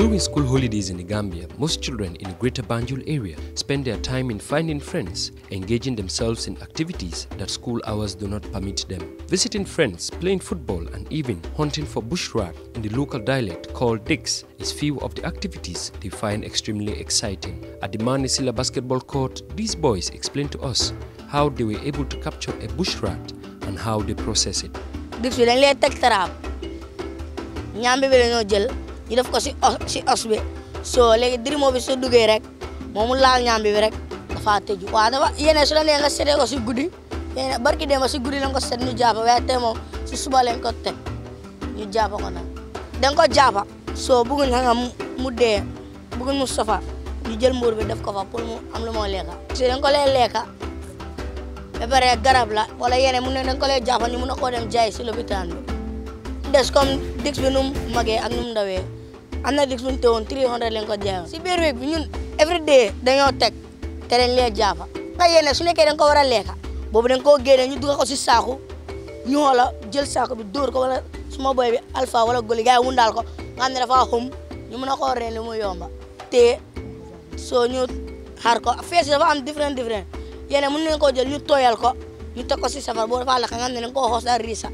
During school holidays in Gambia, most children in the Greater Banjul area spend their time in finding friends, engaging themselves in activities that school hours do not permit them. Visiting friends, playing football, and even hunting for bush rat in the local dialect called dicks is few of the activities they find extremely exciting. At the Manisila basketball court, these boys explain to us how they were able to capture a bush rat and how they process it. ko ci si os bi so legi dirimo bi so duggé rek momu laal bi rek dafa teju wa dafa iya yene su la ne nga sété ko si gudi yene iya barki dem si gudi la ko sét ñu japa way te mom si suba len ko té ñu japa ko na den ko so bugun nga mu de bugun mustafa ñu jël mbor bi def ko fa pour mu am lu mo léka ci den ko lé léka ba bare garab la wala yene iya mu ne den ko lé japa ñu mëna ko dem jaay si l'hôpital bi des comme dix bi num magé ak num ndawé am na week suñu teewoon 300 lañ ko jaayoon si biir week bi ñun every day dañoo teg te dañ lee jaafa nga yéene su nekkee da nga ko war a lekka boobu da nga koo génne ñu dugal ko si saaku ñu xoola jël saaku bi dóor ko wala suma boy bi alpha wala goli gars yi ko nga ne dafa xum ñu mën a koo reen li mu yomba te soo ñu xar ko fees dafa am différent différent yéene mun nañ koo jël ñu tooyal ko ñu teg ko si safar boo dafa lekk nga xam ne dañ koo xoos a risa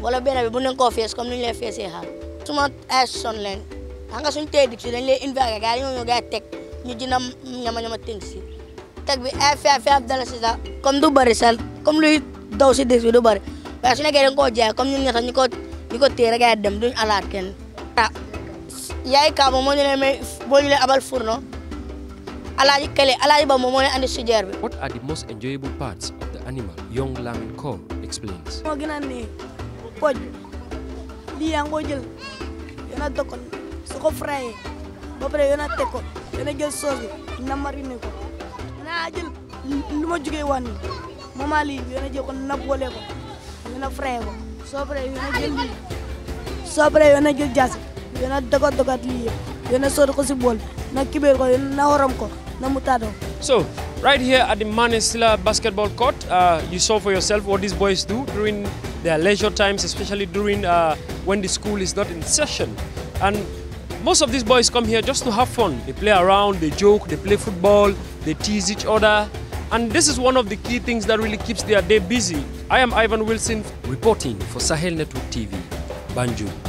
wala benn bi mën nañ koo fees comme ni ñu lay feesee xaar suma ay son leen xam nga suñ tey bi si dañ lay invité gars yi ñoo ñoo gars teg ñu dina ñama ñama tënk si teg bi ay fiaf fiaf dala si sa comme du bëri sax comme luy daw si dëkk bi du bëri waaye su nekkee da nga koo jaay comme ñun ñett ñu ko ñu ko téere gars yi dem duñ alaat kenn ah yaay kaaba moo ñu leen may boo ñu leen abal fourneau alaaji kele alaaji ba moom moo leen andi sujeer bi What are the most enjoyable parts of the animal? Young Lamin Call explains. a su ko frayé ba pare yéen a teg ko yéen a jël sauce bi na mariné ko lu ma jugee woon nii ko na boole ko yéen a frayé ko soo paree yéen a jël lii soo a jël jaasi yéen dogat dogat lii yëpp yéen a sotti ko si bool na kibeer ko yéen na xorom ko na mu taatoo. so right here at the Manisla basketball court uh, you saw for yourself what these boys during their leisure times especially during uh, when the school is not in Most of these boys come here just to have fun. They play around, they joke, they play football, they tease each other. And this is one of the key things that really keeps their day busy. I am Ivan Wilson, reporting for Sahel Network TV, Banjul.